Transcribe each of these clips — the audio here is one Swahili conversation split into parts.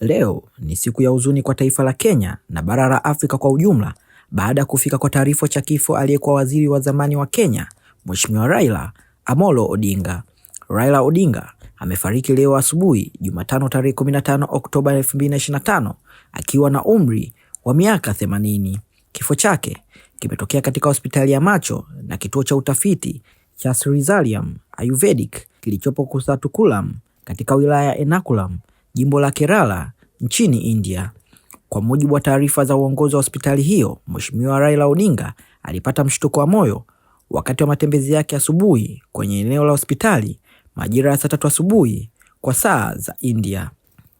Leo ni siku ya huzuni kwa taifa la Kenya na bara la Afrika kwa ujumla baada ya kufika kwa taarifa cha kifo aliyekuwa waziri wa zamani wa Kenya, Mheshimiwa Raila Amolo Odinga. Raila Odinga amefariki leo asubuhi Jumatano tarehe 15 Oktoba 2025 akiwa na umri wa miaka 80. Kifo chake kimetokea katika hospitali ya macho na kituo cha utafiti cha Srizalium Ayurvedic kilichopo Kusatukulam katika wilaya ya Ernakulam, jimbo la Kerala nchini India. Kwa mujibu wa taarifa za uongozi wa hospitali hiyo, Mheshimiwa Raila Odinga alipata mshtuko wa moyo wakati wa matembezi yake asubuhi ya kwenye eneo la hospitali majira ya saa tatu asubuhi kwa saa za India.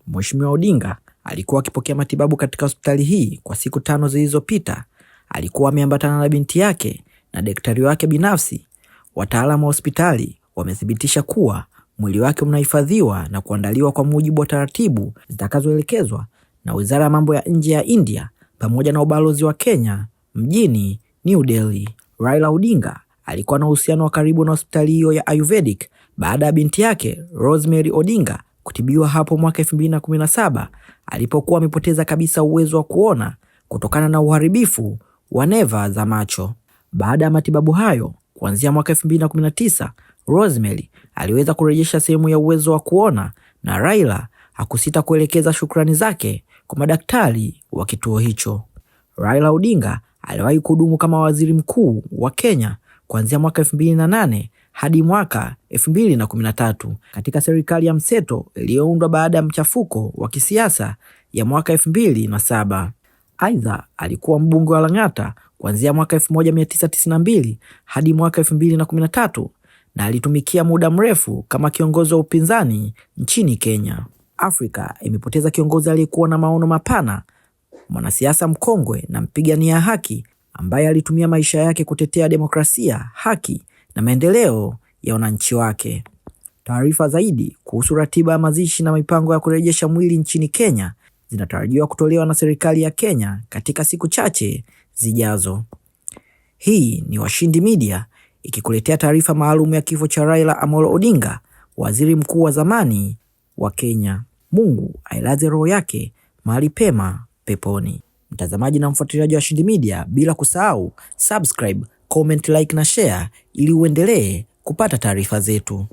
Mheshimiwa Odinga alikuwa akipokea matibabu katika hospitali hii kwa siku tano zilizopita. Alikuwa ameambatana na binti yake na daktari wake binafsi. Wataalamu wa hospitali wamethibitisha kuwa mwili wake unahifadhiwa na kuandaliwa kwa mujibu wa taratibu zitakazoelekezwa na Wizara ya Mambo ya Nje ya India pamoja na ubalozi wa Kenya mjini New Delhi. Raila Odinga alikuwa na uhusiano wa karibu na hospitali hiyo ya Ayurvedic baada ya binti yake Rosemary Odinga kutibiwa hapo mwaka 2017 alipokuwa amepoteza kabisa uwezo wa kuona kutokana na uharibifu wa neva za macho. Baada ya matibabu hayo, Kuanzia mwaka 2019, Rosemary aliweza kurejesha sehemu ya uwezo wa kuona na Raila hakusita kuelekeza shukrani zake kwa madaktari wa kituo hicho. Raila Odinga aliwahi kuhudumu kama waziri mkuu wa Kenya kuanzia mwaka 2008 hadi mwaka 2013 katika serikali ya mseto iliyoundwa baada ya mchafuko wa kisiasa ya mwaka 2007. Aidha, alikuwa mbunge wa Lang'ata kuanzia mwaka 1992 hadi mwaka 2013 na alitumikia muda mrefu kama kiongozi wa upinzani nchini Kenya. Afrika imepoteza kiongozi aliyekuwa na maono mapana, mwanasiasa mkongwe na mpigania haki ambaye alitumia maisha yake kutetea demokrasia, haki na maendeleo ya wananchi wake. Taarifa zaidi kuhusu ratiba ya mazishi na mipango ya kurejesha mwili nchini Kenya zinatarajiwa kutolewa na serikali ya Kenya katika siku chache zijazo. Hii ni Washindi Media ikikuletea taarifa maalum ya kifo cha Raila Amolo Odinga, waziri mkuu wa zamani wa Kenya. Mungu ailaze roho yake mahali pema peponi. Mtazamaji na mfuatiliaji wa Washindi Media, bila kusahau subscribe, comment, like na share ili uendelee kupata taarifa zetu.